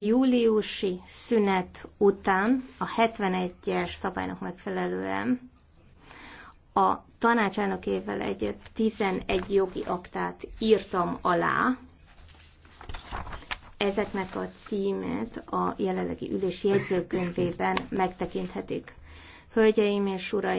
júliusi szünet után a 71-es szabálynak megfelelően a tanácselnökével egy 11 jogi aktát írtam alá. Ezeknek a címet a jelenlegi ülés jegyzőkönyvében megtekinthetik. Hölgyeim és uraim!